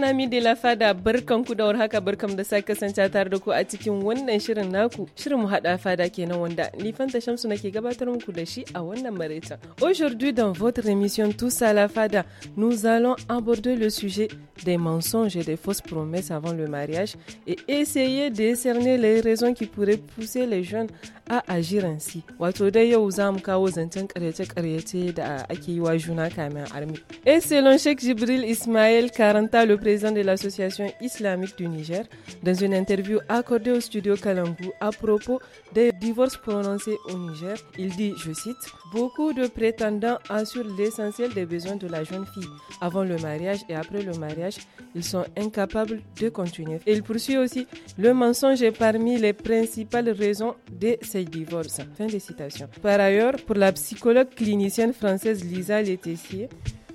sauran de la fada barkan ku da warhaka barkam da sake kasance tare da ku a cikin wannan shirin naku shirin mu hada fada kenan wanda ni fanta shamsu nake gabatar muku da shi a wannan maraicin aujourd'hui dans votre émission tous à la fada nous allons aborder le sujet des mensonges et des fausses promesses avant le mariage et essayer de cerner les raisons qui pourraient pousser les jeunes a agir ainsi wato dai yau za mu kawo zancen karyace-karyace da ake yi wa juna kamin armi et selon Sheikh Jibril Ismail Karanta le président de l'Association islamique du Niger, dans une interview accordée au studio Kalangu à propos des divorces prononcés au Niger. Il dit, je cite, Beaucoup de prétendants assurent l'essentiel des besoins de la jeune fille. Avant le mariage et après le mariage, ils sont incapables de continuer. Et il poursuit aussi, le mensonge est parmi les principales raisons de ces divorces. Fin de citation. Par ailleurs, pour la psychologue clinicienne française Lisa Letessier,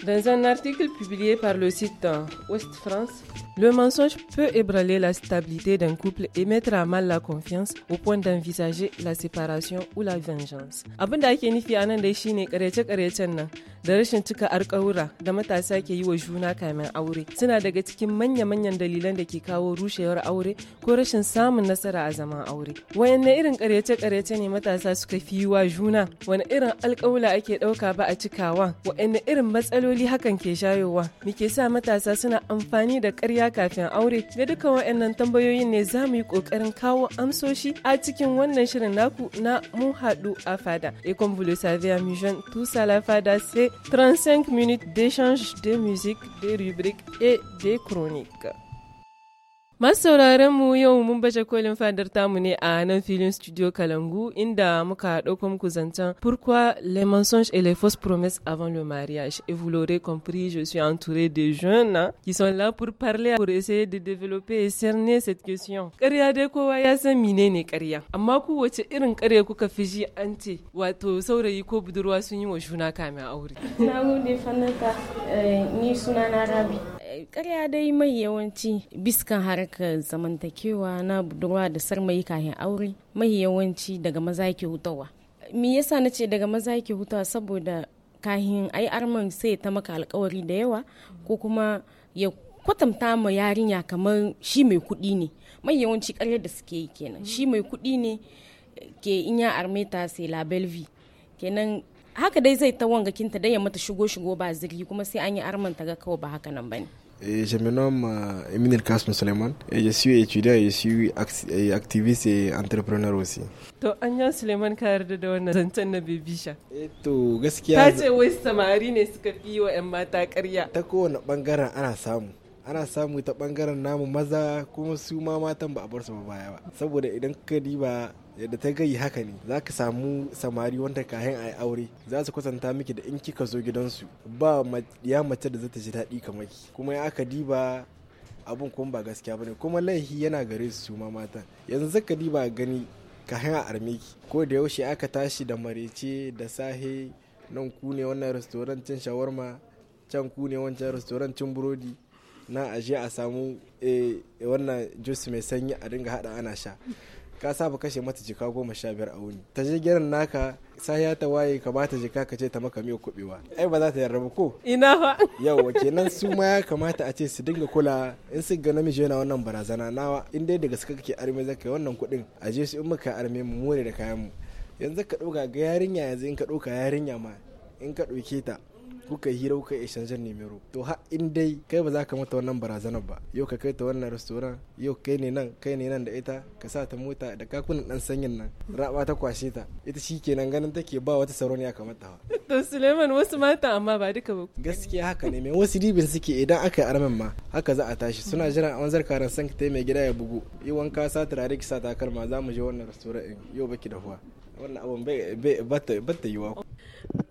Dans un article publié par le site Ouest France, le mensonge peut ébranler la stabilité d'un couple et mettre à mal la confiance au point d'envisager la séparation ou la vengeance. Abin da ake nufi a nan dai shine karece-karecen nan da rashin cika alƙawura da matasa ke yi wa juna kamin aure suna daga cikin manya-manyan dalilan da ke kawo rushewar aure ko rashin samun nasara a zaman aure. Wayanne irin karece-karece ne matasa suka fi yi wa juna? Wani irin alƙawula ake ɗauka ba a cikawa? Wayanne irin matsaloli matsaloli hakan ke shayowa muke sa matasa suna amfani da karya kafin aure da duka waɗannan tambayoyin ne za mu yi ƙoƙarin kawo amsoshi a cikin wannan shirin naku na mu haɗu a fada ekon vous le mission tout sala la fada c'est 35 minutes d'échange de musique de rubrique et de chronique sauraren mu yau mun baje kolin fadar tamu ne a nan filin studio Kalangu inda muka ɗauko muku zancen Pourquoi les mensonges et les fausses promesses avant le mariage Et vous l'aurez compris, je suis entouré de jeunes hein, qui sont là pour parler, pour essayer de développer et cerner cette question. Ƙarya de kowa ya san ne ƙarya, amma ku wace irin ƙarya kuka fi ji an ce wato saurayi ko budurwa sun yi wa juna kamin aure. Na gode Fanata, eh, ni sunana Rabi. karya dai mai yawanci biskan harkar zamantakewa na budurwa da sarmayi kayan aure mai yawanci daga maza ke hutawa me yasa na ce daga maza ke hutawa saboda kahin ai arman sai ta maka alkawari da yawa ko kuma ya kwatanta ma yarinya kamar shi mai kuɗi ne mai yawanci karyar da suke yi kenan shi mai kuɗi ne ke in ya arme ta sai kenan haka dai zai ta wanga kinta dai ya mata shigo shigo ba zirgi kuma sai an yi arman ta ga kawai ba haka nan bane eh, Je me nomme eh, Eminel Kasm Suleiman et eh, je suis étudiant et je suis activiste et entrepreneur aussi. To Anya Suleiman ka yarda da wannan zancen na Bebisha. Eh to gaskiya ta ce wai samari ne suka fi wa 'yan mata ƙarya. Ta kowane bangaren ana samu. ana samu ta bangaren namu maza kuma su ma matan ba a bar su ba baya ba saboda idan ka diba yadda ta gayi haka ne za ka samu samari wanda kayan a aure za su kwatanta miki da in kika zo gidansu ba ya mace da ta ji daɗi kamar ki kuma ya aka diba abun kuma ba gaskiya bane kuma laifi yana gare su ma matan yanzu zaka diba gani kayan a arme ki ko da yaushe aka tashi da marece da sahe nan ku ne wannan restoran shawarma can ku ne wancan burodi na ajiye a samu eh, wannan jus mai sanyi a dinga hada ana sha ka saba kashe mata jika goma sha biyar a wuni ta je gidan naka sa ta waye ka bata jika ka ce ta maka miyo kubewa ai ba za ta yarda ba ko ina fa yawa kenan su ma ya kamata a ce su dinga kula in su ga namiji yana wannan barazana nawa in dai daga suka kake arme zaka yi wannan kuɗin a je su in muka arme mu more da kayan mu yanzu ka ɗauka ga yarinya yanzu in ka ɗauka yarinya ma in ka ɗauke ta kuka hira kuka yi exchangear numero to ha in dai kai ba za ka mata wannan barazanar ba yau ka kai ta wannan restaurant yau kai ne nan kai ne nan da ita ka sa ta mota da kakunan dan sanyin nan raba ta kwashe ta ita shi kenan ganin take ba wata sauran ya kamata to Suleiman wasu mata amma ba duka ba gaskiya haka ne mai wasu ribin suke idan aka yi armen ma haka za a tashi suna jiran an zarka ran san ka mai gida ya bugu yi wanka sa turare ki sa takalma za mu je wannan restaurant yau baki da huwa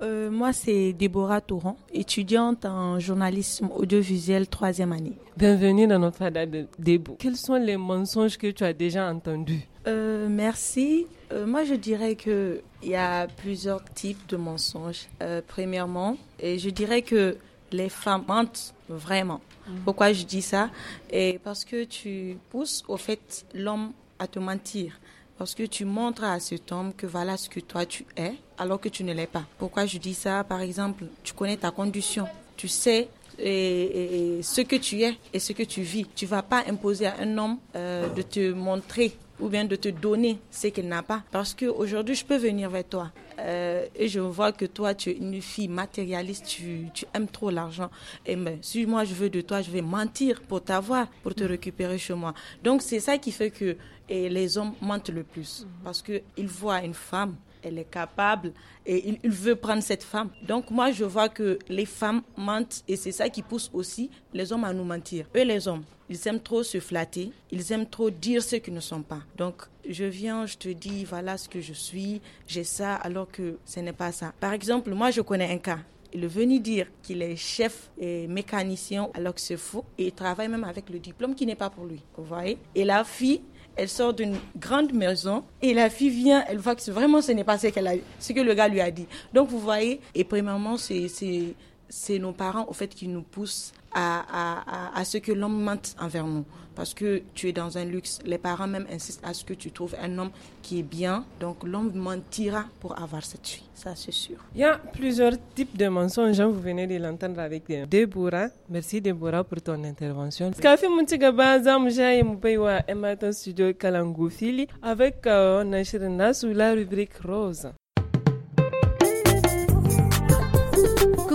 Euh, moi, c'est Déborah Touron, étudiante en journalisme audiovisuel troisième année. Bienvenue dans notre ADA de Débo. Quels sont les mensonges que tu as déjà entendus euh, Merci. Euh, moi, je dirais qu'il y a plusieurs types de mensonges. premièrement, et je dirais que les femmes mentent vraiment. Mm. Pourquoi je dis ça et Parce que tu pousses au fait l'homme à te mentir. Parce que tu montres à cet homme que voilà ce que toi tu es, alors que tu ne l'es pas. Pourquoi je dis ça Par exemple, tu connais ta condition. Tu sais et, ce que tu es et ce que tu vis. Tu vas pas imposer à un homme euh, de te montrer ou bien de te donner ce qu'il n'a pas. Parce qu'aujourd'hui, je peux venir vers toi. Euh, et je vois que toi, tu es une fille matérialiste, tu, aimes trop l'argent. Et ben, si moi, je veux de toi, je vais mentir pour t'avoir, pour te récupérer chez moi. Donc, c'est ça qui fait que et les hommes mentent le plus parce qu'ils voient une femme, elle est capable et ils veulent prendre cette femme. Donc moi, je vois que les femmes mentent et c'est ça qui pousse aussi les hommes à nous mentir. Eux, les hommes, ils aiment trop se flatter, ils aiment trop dire ce qu'ils ne sont pas. Donc je viens, je te dis, voilà ce que je suis, j'ai ça, alors que ce n'est pas ça. Par exemple, moi, je connais un cas. Il est venu dire qu'il est chef et mécanicien alors que c'est faux et il travaille même avec le diplôme qui n'est pas pour lui. Vous voyez Et la fille, elle sort d'une grande maison et la fille vient, elle voit que vraiment ce n'est pas ce qu'elle a, ce que le gars lui a dit. Donc vous voyez, et premièrement, c'est c'est nos parents au fait qui nous poussent à, à ce que l'homme mente envers nous parce que tu es dans un luxe. Les parents même insistent à ce que tu trouves un homme qui est bien. Donc l'homme mentira pour avoir cette fille, ça c'est sûr. Il y a plusieurs types de mensonges, hein. vous venez de l'entendre avec Deborah. Merci Deborah pour ton intervention. avec euh, la rubrique Rose.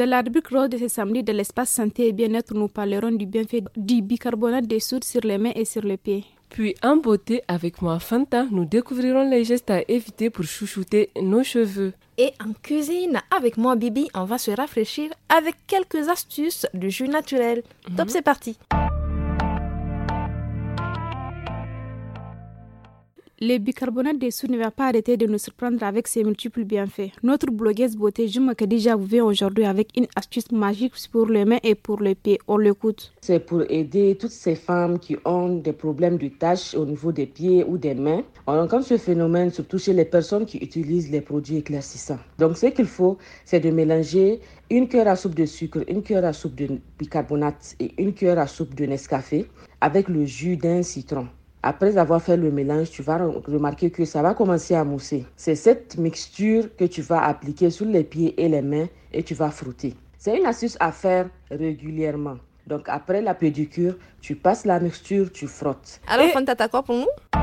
De l'arbre rose de ce samedi de l'espace santé et bien-être, nous parlerons du bienfait du bicarbonate des soude sur les mains et sur les pieds. Puis en beauté avec moi Fanta, nous découvrirons les gestes à éviter pour chouchouter nos cheveux. Et en cuisine avec moi Bibi, on va se rafraîchir avec quelques astuces de jus naturel. Top, mhm. c'est parti. Le bicarbonate de soude ne va pas arrêter de nous surprendre avec ses multiples bienfaits. Notre blogueuse beauté Juma déjà vous vient aujourd'hui avec une astuce magique pour les mains et pour les pieds. On l'écoute. C'est pour aider toutes ces femmes qui ont des problèmes de taches au niveau des pieds ou des mains. On rencontre ce phénomène surtout chez les personnes qui utilisent les produits éclaircissants. Donc ce qu'il faut, c'est de mélanger une cuillère à soupe de sucre, une cuillère à soupe de bicarbonate et une cuillère à soupe de Nescafé avec le jus d'un citron. Après avoir fait le mélange, tu vas remarquer que ça va commencer à mousser. C'est cette mixture que tu vas appliquer sur les pieds et les mains et tu vas frotter. C'est une astuce à faire régulièrement. Donc après la pédicure, tu passes la mixture, tu frottes. Alors on Fanta, quoi pour nous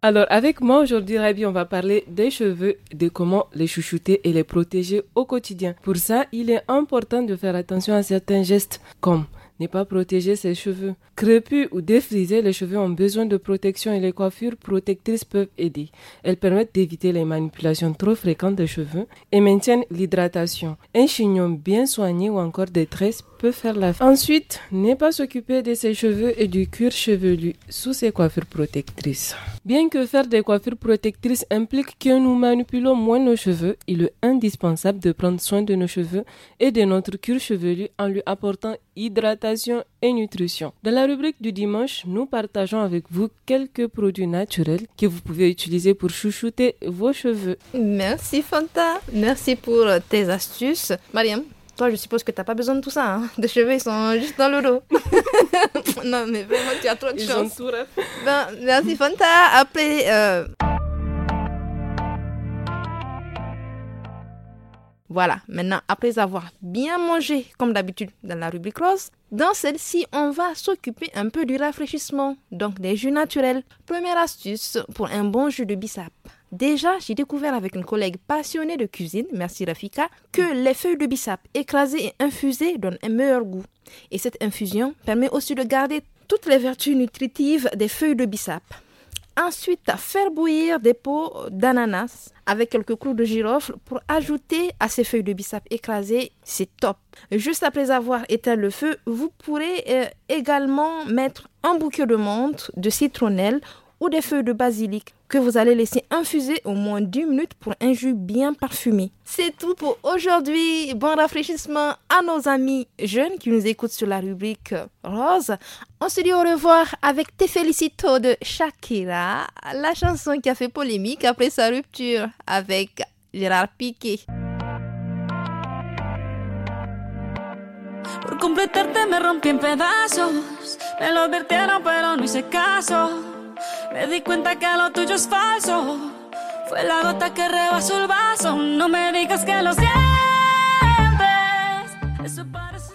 Alors avec moi aujourd'hui Rabi, on va parler des cheveux, de comment les chouchouter et les protéger au quotidien. Pour ça, il est important de faire attention à certains gestes comme n'est pas protéger ses cheveux. Crépus ou défrisés, les cheveux ont besoin de protection et les coiffures protectrices peuvent aider. Elles permettent d'éviter les manipulations trop fréquentes des cheveux et maintiennent l'hydratation. Un chignon bien soigné ou encore des tresses peut faire la Ensuite, n'est pas s'occuper de ses cheveux et du cuir chevelu sous ses coiffures protectrices. Bien que faire des coiffures protectrices implique que nous manipulons moins nos cheveux, il est indispensable de prendre soin de nos cheveux et de notre cuir chevelu en lui apportant hydratation et nutrition. Dans la rubrique du dimanche, nous partageons avec vous quelques produits naturels que vous pouvez utiliser pour chouchouter vos cheveux. Merci Fanta, merci pour tes astuces. Mariam, toi, je suppose que t'as pas besoin de tout ça. Hein. cheveux, ils sont juste dans le dos. non, mais vraiment, tu as trop de chance. Ben, merci Fanta. Appelez. Voilà, maintenant, après avoir bien mangé, comme d'habitude dans la rubrique rose, dans celle-ci, on va s'occuper un peu du rafraîchissement, donc des jus naturels. Première astuce pour un bon jus de bissap. Déjà, j'ai découvert avec une collègue passionnée de cuisine, merci Rafika, que les feuilles de bissap écrasées et infusées donnent un meilleur goût. Et cette infusion permet aussi de garder toutes les vertus nutritives des feuilles de bissap ensuite à faire bouillir des pots d'ananas avec quelques clous de girofle pour ajouter à ces feuilles de bissap écrasées. C'est top. Juste après avoir éteint le feu, vous pourrez euh, également mettre un bouquet de menthe, de citronnelle ou des feuilles de basilic que vous allez laisser infuser au moins 10 minutes pour un jus bien parfumé. C'est tout pour aujourd'hui. Bon rafraîchissement à nos amis jeunes qui nous écoutent sur la rubrique rose. On se dit au revoir avec Te Felicito de Shakira, la chanson qui a fait polémique après sa rupture avec Gérard Piqué. Por completarte me en pedazos, me lo pero no hice caso. Me di cuenta que lo tuyo es falso. Fue la gota que rebasó el vaso. No me digas que lo sientes. Eso parece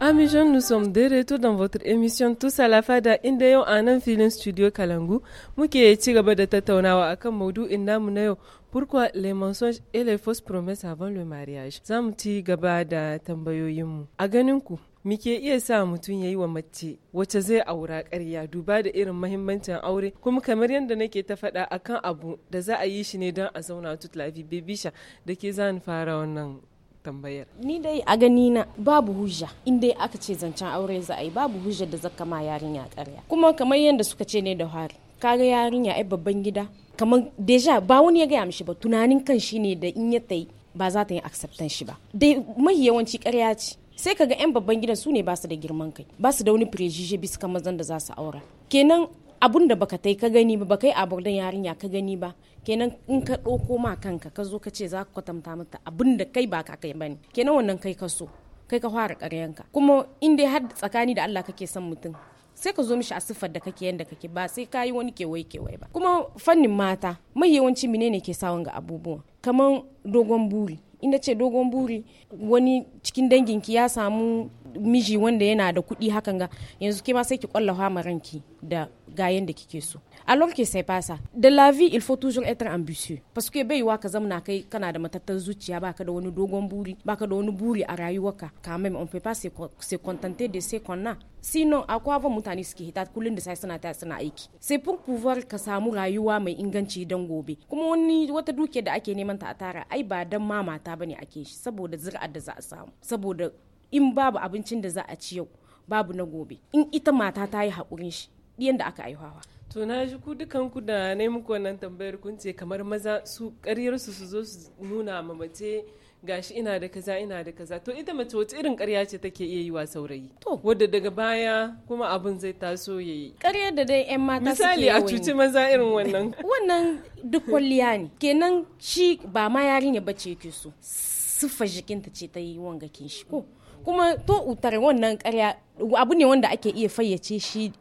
Amis jeunes, nous sommes de retour dans votre émission Tous à la Fada Indeo en un film studio Kalangu muke et gaba de Tataonawa akan maudu'in namu na pourquoi les mensonges et les fausses promesses avant le mariage. Za mu ci gaba da tambayoyinmu. A ganin mi iya sa mutum ya yi wa mace wacce zai aura ƙarya duba da irin mahimmancin aure kuma kamar yadda nake ta faɗa akan abu da za a yi shi ne don a zauna tutlafi bebisha da ke zan fara wannan tambayar. Ni dai a gani na babu hujja in dai aka ce zancen aure za a yi babu hujja da zaka ma yarinya karya. Kuma kamar yadda suka ce ne da hari kaga yarinya ai babban gida kamar deja ba wani ya gaya mishi ba tunanin kan shi ne da in ya yi ba za ta yi acceptance shi ba. Dai mahi yawanci karya ce sai kaga 'yan babban gidan su ne ba su da girman kai ba su da wani firejije bisa kan mazan da za su aura kenan abun da baka tai ka gani ba baka yi abordan yarinya ka gani ba kenan in ka ɗauko ma kanka ka zo ka ce za ka kwatanta mata abun da kai ba ka kai bane kenan wannan kai ka so kai ka fara ƙaryanka kuma in dai har tsakani da Allah kake son mutum sai ka zo mishi a siffar da kake yanda kake ba sai ka yi wani kewaye kewaye ba kuma fannin mata mai yawanci menene ke sawan ga abubuwa kamar dogon buri ina ce dogon buri wani cikin danginki ya samu miji wanda yana da kuɗi hakan ga yanzu ke ma sai ki kwallafa hama ranki da gayen da kike so alors que sai fasa, da de la vie il faut toujours être ambitieux parce que bai wa ka zamana kai kana da matattar zuciya baka da wani dogon buri baka da wani buri a rayuwarka Ka mai on peut pas se contenter de ce qu'on a sinon akwai abin mutane suke hita kullun da sai suna ta suna aiki sai pour pouvoir ka samu rayuwa mai inganci dan gobe kuma wani wata duke da ake neman ta a tara ai ba dan ma mata bane ake shi saboda zuri'ar da za a samu saboda in babu abincin da za a ci yau babu na gobe in ita mata ta yi haƙurin shi ɗiyan da aka aihuwa to na ji ku dukan ku da na muku wannan tambayar kun ce kamar maza su ƙaryar su su zo su nuna ma mace gashi ina da kaza ina da kaza to ita mace wace irin ƙarya ce take iya yi wa saurayi to wadda daga baya kuma abin zai taso ya yi Karyar da dai yan mata misali a cuci maza irin wannan wannan duk kwalliya ne kenan shi ba ma yarinya bace ke so siffa jikinta ce ta yi kin shi ko kuma to utare wannan karya abu ne wanda ake iya fayyace shi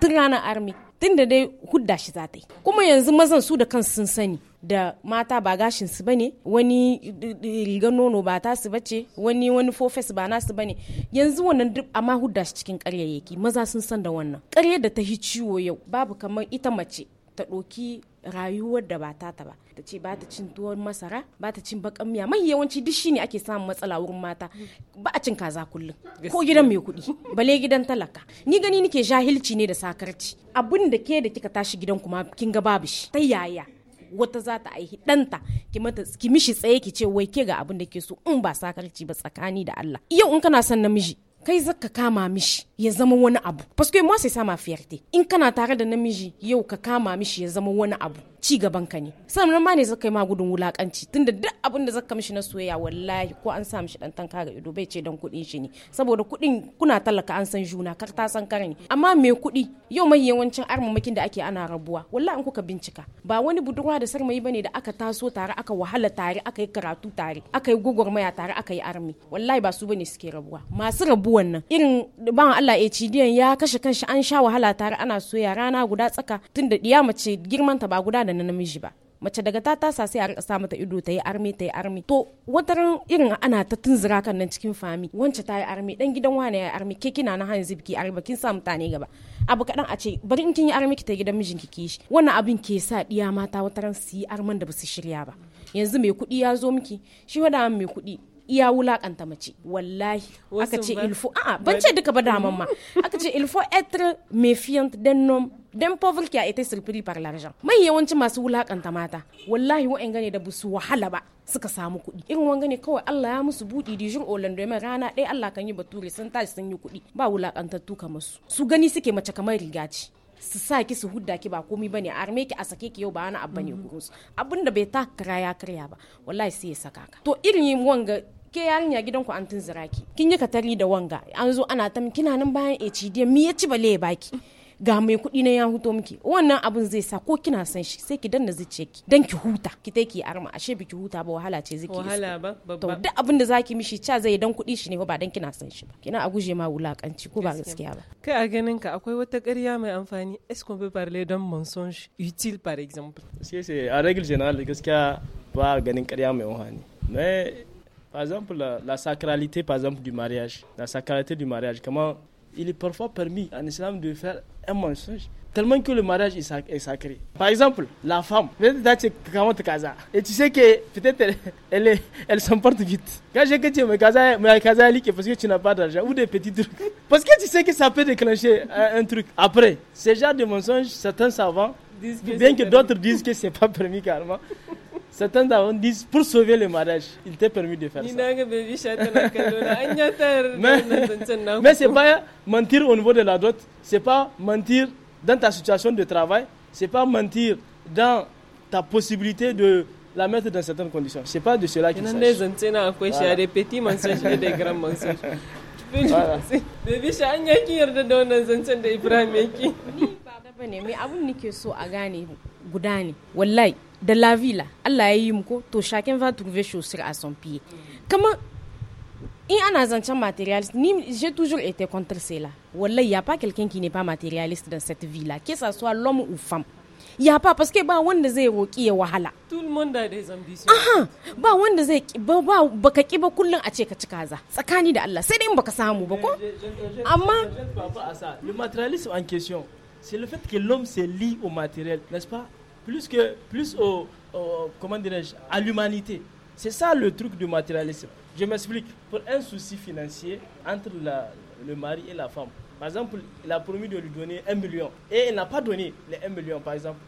tun ranar army. tun da dai hudda shi za ta yi kuma yanzu mazan su da kansu sun sani da mata ba gashin su bane wani rigar nono ba ta su bace wani wani fofes ba nasu bane yanzu wannan duk amma hudda shi cikin karyayyaki maza sun san da wannan karya da ta yi ciwo yau babu kamar ita mace ta ɗoki rayuwar da ba ta ta ba ta ce ba ta cin tuwon masara ba ta cin bakan miya mai yawanci duk shine ake samun matsala wurin mata ba a cin kaza kullum ko gidan mai kuɗi bale gidan talaka ni gani nike jahilci ne da sakarci abun da ke da kika tashi gidan kuma kin ga babu shi ta yaya wata za ta aihi ɗanta ki mata ki mishi tsaye ki ce wai ke ga abin da ke so in ba sakarci ba tsakani da Allah yau in kana son namiji kai ka kama mishi ya zama wani abu paske mo sai sama fiyarte in kana tare da namiji yau ka kama mishi ya zama wani abu ci gaban ka ne sannan ma ne ka yi magudun wulakanci tunda duk abin da zaka mishi na soyayya wallahi ko an sa mishi dan tanka ga ido bai ce dan kudin shi ne saboda kuɗin kuna talaka an san juna kar ta san kare ne amma me kudi yau mai yawancin armamakin da ake ana rabuwa wallahi an kuka bincika ba wani budurwa da sarmayi bane da aka taso tare aka wahala tare aka yi karatu tare aka yi tare aka yi armi wallahi ba su bane suke rabuwa masu rabuwa abubuwan nan irin ban Allah ecidiyan ya kashe kanshi an sha wahala tare ana soya rana guda tsaka tun da diya mace girman ta ba guda da na namiji ba mace daga ta tasa sai a rika sa mata ido ta yi armi ta yi armi to wataran irin ana ta tunzura kan nan cikin fami wance ta yi armi dan gidan wane ya yi armi ke kina na hanyar zibki armi kin sa mutane gaba abu kaɗan a ce bari in kin yi armi ki ta gidan mijin ki kishi wannan abin ke sa diya mata wataran su yi arman da basu shirya ba yanzu mai kuɗi ya zo miki shi wada mai kuɗi iya wulakanta mace wallahi aka ce ilfo a ban ce duka ba daman ma aka ce ilfo être méfiant den nom den pauvre qui a été surpris par l'argent mai yawanci masu wulakanta mata wallahi wa'en gane da busu wahala ba suka samu kuɗi irin wanga ne kawai Allah ya musu buɗi dijin Orlando mai rana ɗaya Allah kan yi bature sun tashi sun yi kuɗi ba wulakantattu kamar su su gani suke mace kamar riga ce su sa ki su hudda ki ba komai bane a arme ki a sake ki yau ba wani abu bane mhm. gurin abinda bai ta ya karya ba wallahi sai ya saka ka to irin wanga ke yarinya gidanku an tun ziraki kin yi katari da wanga an zo ana ta kina nan bayan HDM mi ya ci bale ya baki ga mai kuɗi na ya huto miki wannan abin zai sa ko kina san shi sai ki danna zuciya ki dan ki huta ki tai ki arma ashe biki huta ba wahala ce zaki wahala ba to duk abin da zaki mishi cha zai dan kuɗi shi ne ba dan kina san shi ba kina a guje ma wulakanci ko ba gaskiya ba kai a ganin ka akwai wata ƙarya mai amfani est-ce qu'on peut parler d'un mensonge utile par exemple c'est c'est a règle générale gaskiya ba ganin ƙarya mai amfani mais Par exemple, la, sacralité par exemple, du mariage. La sacralité du mariage. Comment il est parfois permis en islam de faire un mensonge tellement que le mariage est sacré. Par exemple, la femme, et tu sais que peut-être elle, elle, s'emporte vite. Quand j'ai que tu me casa, me parce que tu n'as pas d'argent ou des petits trucs. Parce que tu sais que ça peut déclencher euh, un, truc. Après, ce genre de mensonge, certains savants, bien que d'autres disent que c'est pas permis carrément. Certains d'avant disent pour sauver le mariage, il t'est permis de faire ça. mais, ce c'est pas mentir au niveau de la dot, c'est pas mentir dans ta situation de travail, c'est pas mentir dans ta possibilité de la mettre dans certaines conditions. C'est pas de cela qu'il s'agit. des petits mensonges et des grands mensonges. de la vie là Allah ya yi mu to chacun va trouver chaussure à son pied comment in ana zancen matérialiste ni j'ai toujours été contre cela Il wallahi a pas quelqu'un qui n'est pas matérialiste dans cette vie là que ça soit l'homme ou femme Il ya fa paske ba wanda zai roƙi ya wahala tout le monde a des ambitions Ah, ba wanda zai ba ba baka ki ba kullun a ce ka ci kaza tsakani da Allah sai dai in baka samu ba ko amma le matérialisme en question c'est le fait que l'homme se lie au matériel n'est-ce pas plus, que, plus au, comment dirais-je, à l'humanité. C'est ça le truc du matérialisme. Je m'explique. Pour un souci financier entre le mari et la femme, par exemple, il a promis de lui donner un million et il n'a pas donné les 1 million, par exemple.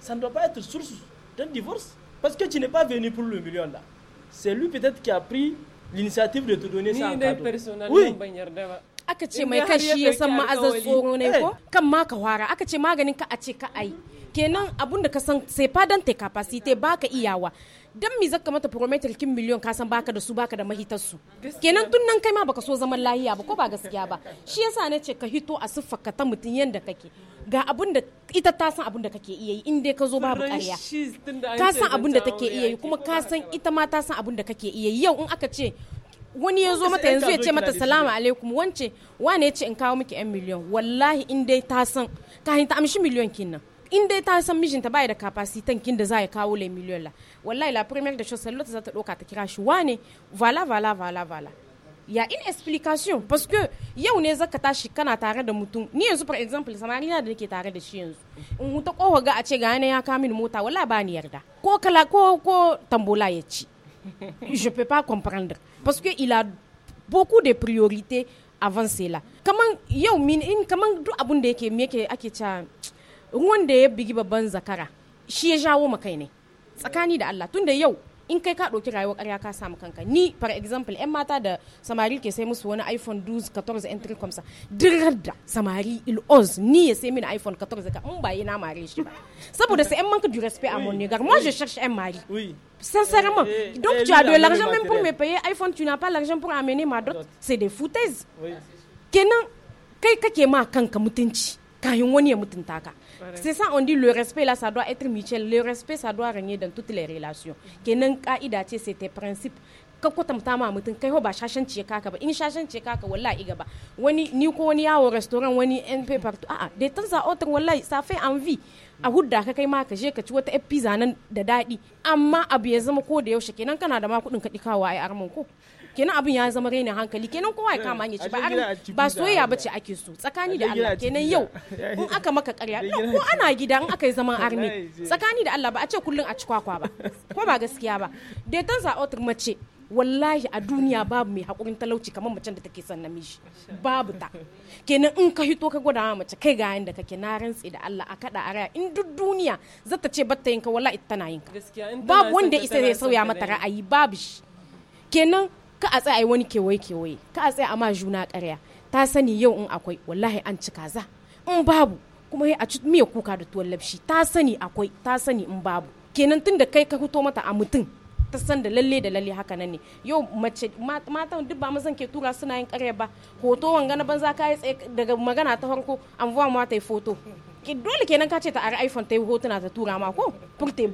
Ça ne doit pas être source d'un divorce parce que tu n'es pas venu pour le million là. C'est lui peut-être qui a pris l'initiative de te donner ça en Oui. mai kashi ko eh. kan maganin ka ka ai kenan abun da ka san sai fadan te capacity ka iyawa dan mi zaka mata prometer kin miliyon ka san baka da su baka da mahitar su kenan tun nan kai ma baka so zaman lahiya ba ko ba gaskiya ba shi yasa na ce ka hito a ka ta mutun yanda kake ga abun da ita ta san abun da kake iya yi in dai ka zo babu ƙarya ka san abun da take iya yi kuma ka san ita ma ta san abun da kake iya yi yau in aka ce wani ya zo mata yanzu ya ce mata salamu alaikum wance wane ya ce in kawo miki yan miliyon wallahi in dai ta san kahin ta amshi miliyon kinan. in dai ta san mijinta bai da capacity kin da zai kawo le miliyon la wallahi la première des choses l'autre za ta doka ta kira shi wane voilà voilà il y a une explication parce que yau ne zaka tashi kana tare da mutum ni yanzu for example samarina da nake tare da shi yanzu in huta ko ga a ce ga yana ya kawo min mota wallahi ba ni yarda ko kala ko ko tambola ya ci je peux pas comprendre parce que il a beaucoup de priorités avant cela comment yau min in kaman duk abun da yake me yake ake cha ruwan da ya bigi babban zakara shi ya jawo maka ne tsakani da Allah tunda yau in kai ka ɗauki rayuwar ƙarya ka samu kanka ni for example 'yan mata da samari ke sai musu wani iphone 12 14 'yan trikomsa dirar da samari il'oz ni ya sai mini iphone 14 ka in ba yi na mare shi ba saboda sai 'yan manka du respect a mon negar moi je cherche un mari sincèrement eh, eh, donc eh, tu as de l'argent même pour me payer iphone tu n'as pas l'argent pour amener ma dot c'est des foutaises kenan kai kake ma kanka mutunci kayan wani ya mutunta ka c'est ça, on dit le respect, là, ça doit être mutuel. Le respect, ça doit régner dans toutes les relations. Kenan ka idace, c'est tes principes. tama kwatanta ma mutum kai ba shashen ce kaka ba in shashen kaka wallahi gaba wani ni ko wani yawo restaurant wani en pay partout ah da tan sa otar wallahi ça fait envie a hudda ka kai ma je ka ci wata yar pizza nan da daɗi amma abu ya zama ko da yaushe kenan kana da ma ka dikawa ai arman ko kenan abin ya zama raina hankali kenan kowa ya eh, kama hanyar ci ba ba soyayya ce ake so tsakani da Allah kenan yau in aka maka karya ko ana gida in aka yi zaman army tsakani da Allah ba a ce kullun a ci kwakwa ba ko ba gaskiya ba daitan za'otar mace wallahi a duniya babu mai haƙurin talauci kamar macen da take son namiji babu ta kenan in ka hito ka gwada mace kai ga da kake na rantsi da Allah a kada a raya in duk duniya zata ce batta yinka wallahi tana yinka babu wanda isa zai sauya mata ra'ayi babu shi kenan ka a tsaye wani kewaye kewaye ka a tsaye a ma juna karya ta sani yau in akwai wallahi an ci kaza in babu kuma a ci miya kuka da tuwon labshi ta sani akwai ta sani in babu kenan tun da kai ka fito mata a mutum ta san da lalle da lalle haka nan ne yau mace matan duk ba mazan ke tura suna yin karya ba hoto wanga na banza ka yi tsaye daga magana ta farko an vuwa ma ta yi foto dole kenan ka ce ta ari iphone ta yi hotuna ta tura ma ko pour te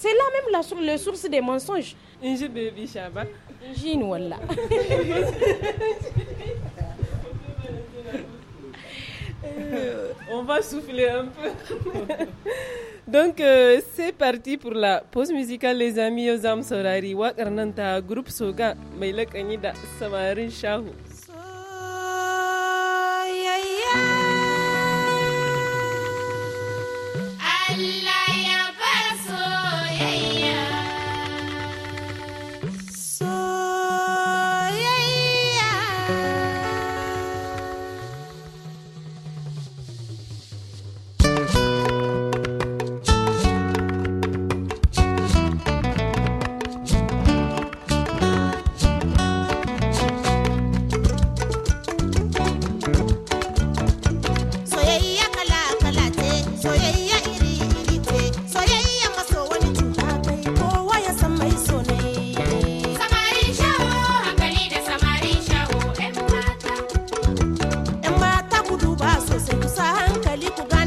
c'est la même la sur les sources des mensonges in ji baby shaba Euh, on va souffler un peu. Donc, euh, c'est parti pour la pause musicale, les amis. aux âmes Sorari, le groupe Soga, Maila Kanida, Samarin Shahu. Little kuga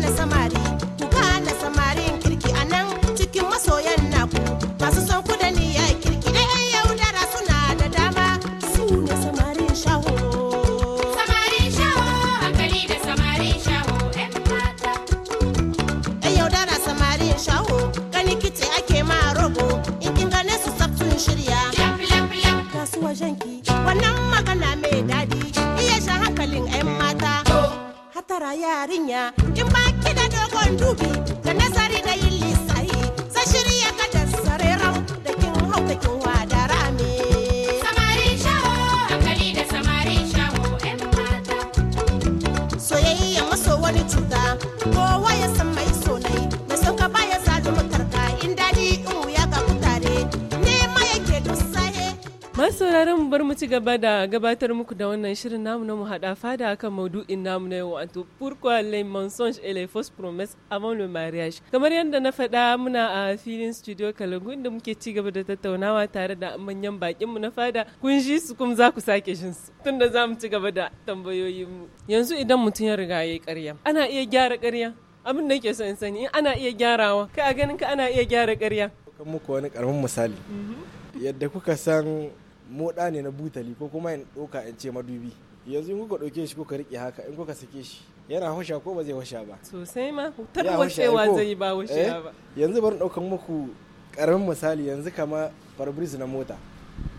gaba da gabatar muku da wannan shirin namu na mu hada fada akan maudu'in namu na yau wato pourquoi les mensonges et les fausses promesses avant le mariage. Kamar yadda na faɗa muna a filin studio Kalangu inda muke ci gaba da tattaunawa tare da manyan bakin mu na fada kun ji su kuma za ku sake jin su tunda za mu ci gaba da tambayoyin mu. Yanzu idan mutum ya riga yayi ƙarya ana iya gyara ƙarya abin da yake so in sani ana iya gyarawa kai a ganin ka ana iya gyara ƙarya. Kan muku wani karamin misali. Mhm. Yadda kuka san moɗa ne na butali ko kuma in ɗauka in ce madubi yanzu in kuka ɗauke shi kuka riƙe haka in kuka sake shi yana hausha ko ba zai hausha ba sosai ma tarwashewa zai yi ba hushewa eh? ba yanzu bari ɗaukan muku ƙaramin misali yanzu kama farbris na mota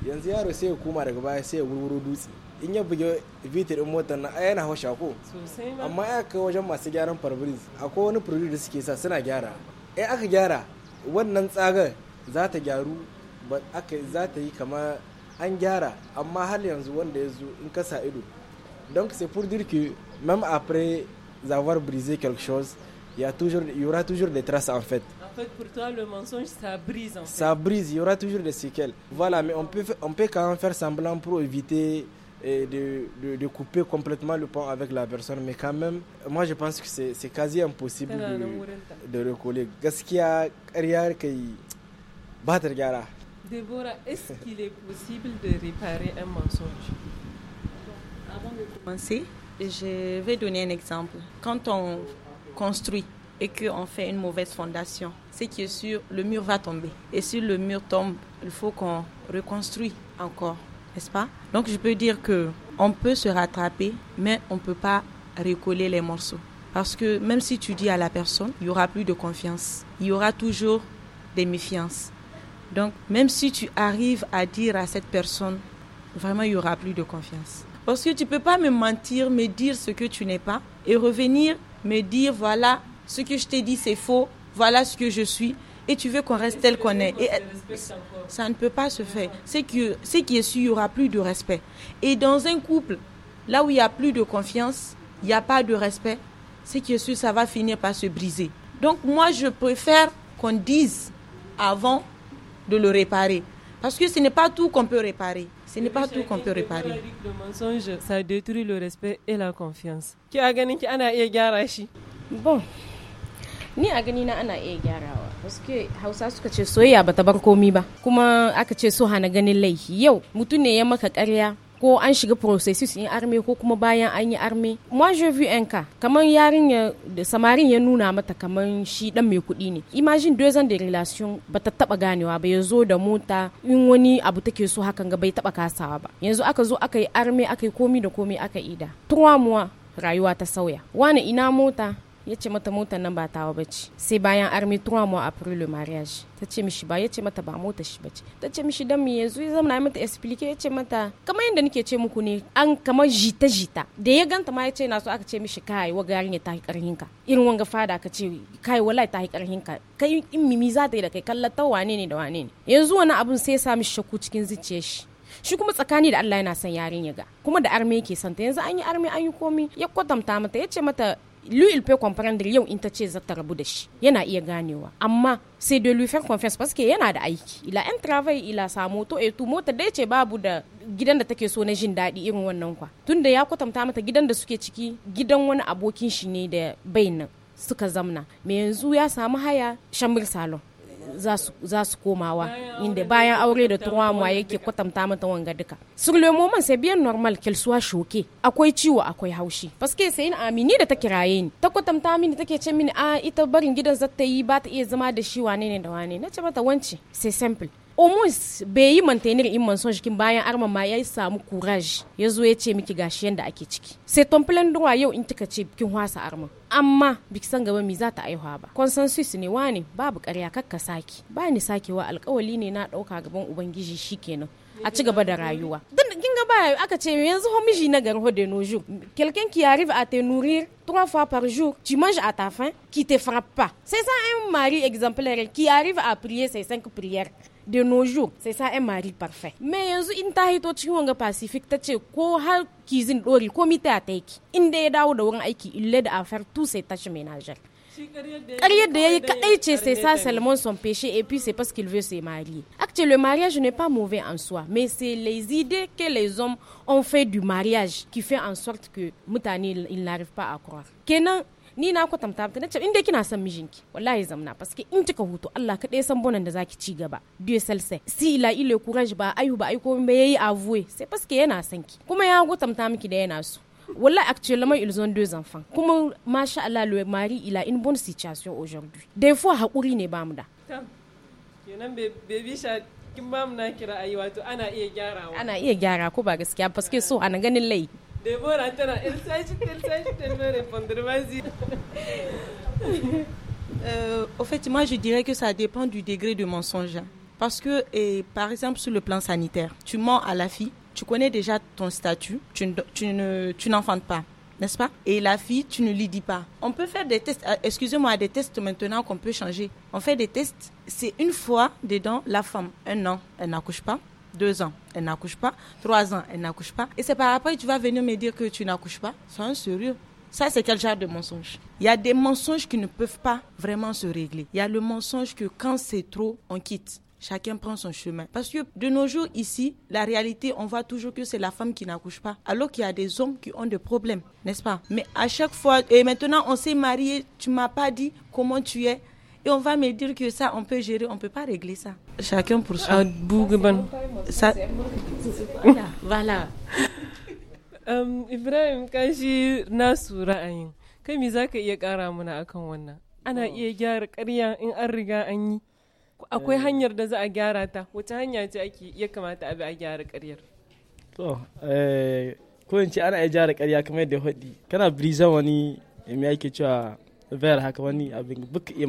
yanzu yaro sai ya koma daga baya sai ya wurwuro dutse in ya buge vitir din motar na yana hausha ko amma ya kai wajen masu gyaran farbris akwai wani farbris da suke sa suna gyara eh aka gyara wannan tsagar za ta gyaru za ta yi kama an gyara amma yanzu wanda donc c'est pour dire que même après avoir brisé quelque chose il y, toujours, il y aura toujours des traces en fait. En fait, pour toi, le mensonge, ça brise. En fait. Ça brise, il y aura toujours des séquelles. Voilà, mais on peut, on peut quand même faire semblant pour éviter eh, de, couper complètement le pont avec la personne. Mais quand même, moi je pense que c'est quasi impossible de, de recoller. y a derrière qui Battre, gyara. Déborah, est-ce qu'il est possible de réparer un mensonge Avant de commencer, je vais donner un exemple. Quand on construit et qu'on fait une mauvaise fondation, c'est que sur le mur va tomber. Et si le mur tombe, il faut qu'on reconstruit encore, n'est-ce pas Donc je peux dire que on peut se rattraper, mais on ne peut pas recoller les morceaux. Parce que même si tu dis à la personne, il y aura plus de confiance. Il y aura toujours des méfiances. Donc, même si tu arrives à dire à cette personne, vraiment, il n'y aura plus de confiance. Parce que tu ne peux pas me mentir, me dire ce que tu n'es pas, et revenir me dire, voilà, ce que je t'ai dit, c'est faux, voilà ce que je suis, et tu veux qu'on reste tel qu'on est. Et ça ne peut pas se faire. C'est que ce qui est sûr, il n'y aura plus de respect. Et dans un couple, là où il n'y a plus de confiance, il n'y a pas de respect, ce qui est sûr, ça va finir par se briser. Donc moi, je préfère qu'on dise avant de le réparer. Parce que ce n'est pas tout qu'on peut réparer. Ce n'est pas tout qu'on peut réparer. Le mensonge, ça détruit le respect et la confiance. Qui a gagné ana iya gyara shi? Bon. Ni a na ana e gyarawa. Parce que Hausa suka ce soyayya bata bar komi ba. Kuma aka ce so hana ganin lai Yau mutum ne ya maka karya. ko an shiga processus in arme ko kuma bayan an yi arme moi je vu un cas kamar yarinya da samarin ya nuna mata kamar shi dan mai kuɗi ne imagine deux ans de relation ba ta taba ganewa ba ya da mota in wani abu take so hakan ga bai taba kasawa ba yanzu aka zo aka yi arme aka yi komi da komi aka ida trois mois rayuwa ta sauya wani ina mota ya ce mata motar nan ba tawa bace sai bayan army trois mois a le mariage ta ce mishi ba ya ce mata ba motar shi bace ta ce mishi dan me yanzu ya zama mata explique ya ce mata kamar yadda nake ce muku ne an kamar jita jita da ya ganta ma ya ce na so aka ce mishi kai wa garin ya tahi karhin ka irin wanga fada ka ce kai wallahi tahi karhin ka kai in mimi za ta yi da kai kallata wane ne da wane ne yanzu wani abun sai ya sa mishi shakku cikin zuciyar shi shi kuma tsakani da Allah yana son yarinya ga kuma da arme yake santa yanzu an yi arme an yi komi ya kwatanta mata ya ce mata lui il peut comprendre yau in ta ce za ta rabu da shi yana iya ganewa amma sai de lui faire confiance parce que yana da aiki ila yan travail ila sa moto et tout mota dai ce babu da gidan da take so na jin daɗi irin wannan kwa tunda ya kwatanta mata gidan da suke ciki gidan wani abokin shi ne da bai nan suka zamna me yanzu ya samu haya shambir salon za su komawa inda bayan aure da turwa yake kwatanta mata wanga duka sur le moment c'est bien normal qu'elle soit choquée akwai ciwo akwai haushi paske sai ina amini da ta kiraye ni ta kwatanta mini take ce mini a ah, ita barin gidan zata yi ba ta iya zama da shi wane ne da wane na ce mata wance c'est simple o bai yi maintainer in man son jikin bayan arma ma ya samu courage ya zo ya ce miki gashi yanda ake ciki sai ton plan duwa yau in kika ce kin wasa arman amma biki san gaba mi za ta aihuwa ba consensus ne wani babu ƙarya kakka saki ba ni sakewa alƙawali ne na dauka gaban ubangiji shikenan a ci gaba da rayuwa don kin ga ba aka ce yanzu ho na garho de nos jours quelqu'un qui arrive à te nourrir trois fois par jour tu manges à ta faim qui te frappe pas c'est ça un mari exemplaire qui arrive à prier ses cinq prières de nos jours c'est ça un mari parfait mais il in ta hito cikin wanga pacific ta ce ko har dori komite a inda ya dawo da wurin aiki l'aide à faire tous ses tâches ménagères. Carrière de c'est ça seulement son péché et puis c'est parce qu'il veut se marier. Actuellement, le mariage n'est pas mauvais en soi, mais c'est les idées que les hommes ont fait du mariage qui fait en sorte que Moutani, il n'arrive pas à croire. Kenan, ni na kwatanta ta nace inda kina son mijinki wallahi zamna paske in kika hutu Allah ka san bonan da zaki ci gaba Dieu seul sait si la il le courage ba ayu ba ai ko me yayi avouer c'est parce que yana son ki kuma ya kwatanta miki da yana so Voilà, actuellement, ils ont deux enfants. masha Allah le mari, il a une bonne situation aujourd'hui. Des fois, haƙuri ne ba mu da. kenan baby shark kin ba mu na kira ayi wato ana iya gyarawa ana iya gyara ko ba gaskiya paske so ana ganin lai D'abord, attends, elle s'agit, elle répondre, vas-y. Euh, au fait, moi, je dirais que ça dépend du degré de mensonge. Parce que, par exemple, sur le plan sanitaire, tu mens à la fille, tu connais déjà ton statut, tu n'enfantes pas n'est-ce pas Et la fille, tu ne lui dis pas. On peut faire des tests, euh, excusez-moi, des tests maintenant qu'on peut changer. On fait des tests, c'est une fois dedans la femme, un an, elle n'accouche pas deux ans, elle n'accouche pas, trois ans, elle n'accouche pas. Et c'est par après tu vas venir me dire que tu n'accouches pas. C'est un sérieux. Ça, c'est quel genre de mensonge Il y a des mensonges qui ne peuvent pas vraiment se régler. Il y a le mensonge que quand c'est trop, on quitte chacun prend son chemin. Parce que de nos jours ici, la réalité, on voit toujours que c'est la femme qui n'accouche pas, alors qu'il y a des hommes qui ont des problèmes, n'est-ce pas Mais à chaque fois, et maintenant on s'est marié, tu m'as pas dit comment tu es, et on va me dire que ça, on peut gérer, on ne peut pas régler ça. Chacun pour soi. Ah, Bougban. Ça, voilà. voilà. um, Ibrahim, quand j'ai Nasura, kai me za iya ƙara mana akan wannan ana oh. iya gyara ƙarya in an riga an yi akwai eh. hanyar da za a gyara ta wata hanya ce ake iya kamata abi a gyara ƙaryar to eh, ko in ce ana iya gyara ƙarya kamar yadda hudi kana brisa wani me yake cewa vers Hakwani avec Buk et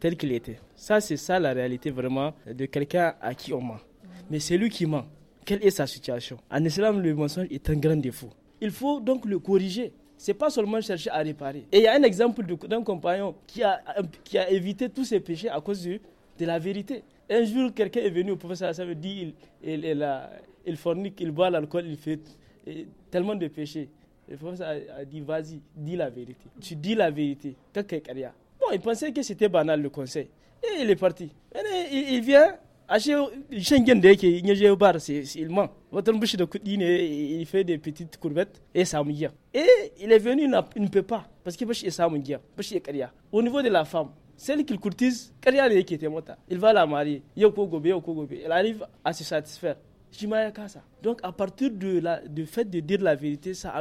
tel qu'il était. Ça, c'est ça la réalité vraiment de quelqu'un à qui on ment. Mais c'est lui qui ment. Quelle est sa situation En islam, le mensonge est un grand défaut. Il faut donc le corriger. C'est pas seulement chercher à réparer. Et il y a un exemple d'un compagnon qui a, qui a évité tous ses péchés à cause de, de la vérité. Un jour, quelqu'un est venu au professeur Hassan, et dit, il, il, il fornique, il boit l'alcool, il fait tellement de péchés. Le professeur a, dit vas-y, dis la vérité. Tu dis la vérité. Bon, il pensait que c'était banal le conseil. Et il est parti. il, vient. Il fait des petites courbettes et ça me Et il est venu, il ne peut pas. Parce que ça Au niveau de la femme, celle qu'il courtise, il va la marier. Elle arrive à se satisfaire. Donc à partir de la, du fait de dire la vérité, ça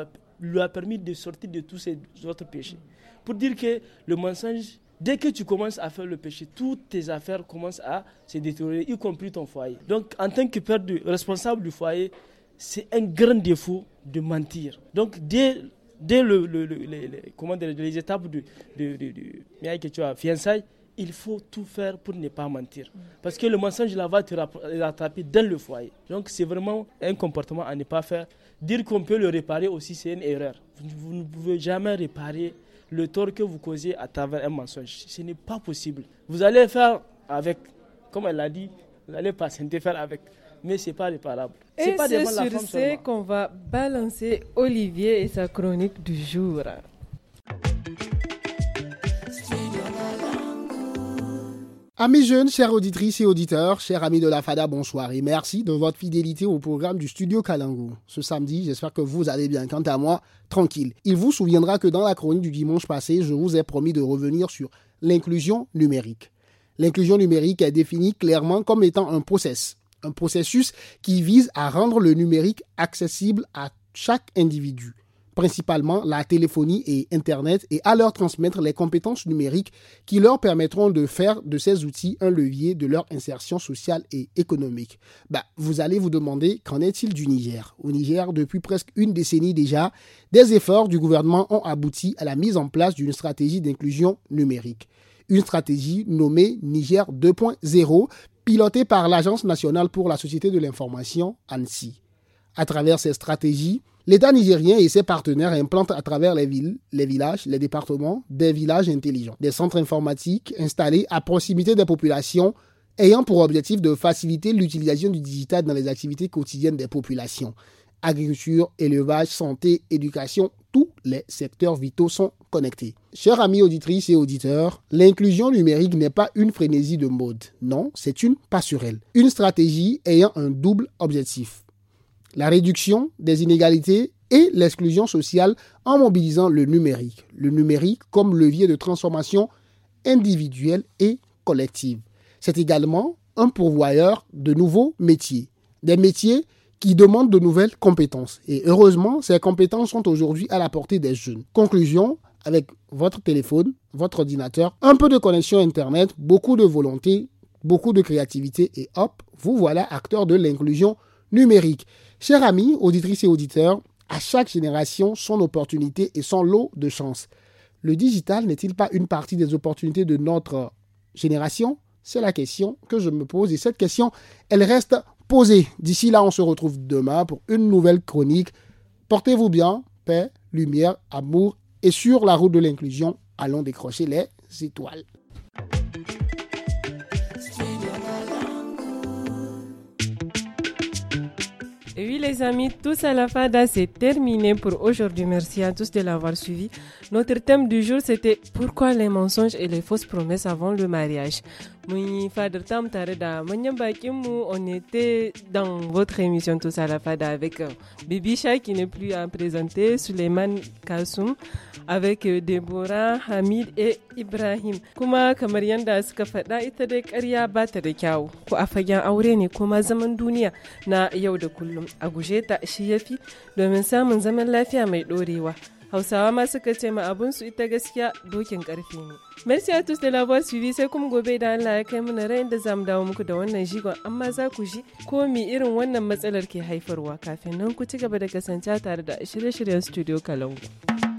lui a permis de sortir de tous ses autres péchés. Pour dire que le mensonge, dès que tu commences à faire le péché, toutes tes affaires commencent à se détériorer, y compris ton foyer. Donc, en tant que père responsable du foyer, c'est un grand défaut de mentir. Donc, dès, dès les, comment dire, les étapes de, de, de, que tu as il faut tout faire pour ne pas mentir. Parce que le mensonge, là, va te rattraper dans le foyer. Donc, c'est vraiment un comportement à ne pas faire. Dire qu'on peut le réparer aussi, c'est une erreur. Vous ne pouvez jamais réparer le tort que vous causez à travers un mensonge. Ce n'est pas possible. Vous allez faire avec, comme elle l'a dit, vous allez patienter faire avec. Mais ce n'est pas réparable. Et c'est sur ce qu'on va balancer Olivier et sa chronique du jour. Amis jeunes, chères auditrices et auditeurs, chers amis de la FADA, bonsoir et merci de votre fidélité au programme du Studio Kalango. Ce samedi, j'espère que vous allez bien. Quant à moi, tranquille. Il vous souviendra que dans la chronique du dimanche passé, je vous ai promis de revenir sur l'inclusion numérique. L'inclusion numérique est définie clairement comme étant un process, un processus qui vise à rendre le numérique accessible à chaque individu principalement la téléphonie et Internet, et à leur transmettre les compétences numériques qui leur permettront de faire de ces outils un levier de leur insertion sociale et économique. Bah, vous allez vous demander qu'en est-il du Niger Au Niger, depuis presque une décennie déjà, des efforts du gouvernement ont abouti à la mise en place d'une stratégie d'inclusion numérique. Une stratégie nommée Niger 2.0, pilotée par l'Agence nationale pour la société de l'information, ANSI à travers ces stratégies. L'État nigérien et ses partenaires implantent à travers les villes, les villages, les départements, des villages intelligents, des centres informatiques installés à proximité des populations ayant pour objectif de faciliter l'utilisation du digital dans les activités quotidiennes des populations. Agriculture, élevage, santé, éducation, tous les secteurs vitaux sont connectés. Chers amis auditrices et auditeurs, l'inclusion numérique n'est pas une frénésie de mode. Non, c'est une passerelle. Une stratégie ayant un double objectif la réduction des inégalités et l'exclusion sociale en mobilisant le numérique, le numérique comme levier de transformation individuelle et collective. C'est également un pourvoyeur de nouveaux métiers, des métiers qui demandent de nouvelles compétences. Et heureusement, ces compétences sont aujourd'hui à la portée des jeunes. Conclusion, avec votre téléphone, votre ordinateur, un peu de connexion Internet, beaucoup de volonté, beaucoup de créativité et hop, vous voilà acteur de l'inclusion numérique. Chers amis, auditrices et auditeurs, à chaque génération, son opportunité et son lot de chance. Le digital n'est-il pas une partie des opportunités de notre génération C'est la question que je me pose et cette question, elle reste posée. D'ici là, on se retrouve demain pour une nouvelle chronique. Portez-vous bien, paix, lumière, amour et sur la route de l'inclusion, allons décrocher les étoiles. les amis, tous à la fada, c'est terminé pour aujourd'hui. Merci à tous de l'avoir suivi. Notre thème du jour, c'était pourquoi les mensonges et les fausses promesses avant le mariage mun fadar Tam Tareda da manyan bakinmu on était dans votre émission tous à la fada avec euh, Bibisha qui n'est plus à présenter, Suleiman Kasum, avec euh, Deborah, Hamid et Ibrahim. Kuma kamar yanda suka karia ita dai ƙarya ba da ko a aure ne na yau da kullum a guje ta shi yafi domin samun zaman lafiya Hausawa ma suka ce ma abun su ita gaskiya dokin karfi ne. Merci à tous de voix suivi sai kuma gobe da Allah ya kai mana rai da mu dawo muku da wannan jigon amma za ku ji ko mi irin wannan matsalar ke haifarwa kafin nan ku ci gaba da kasancewa tare da shirye-shiryen studio Kalangu.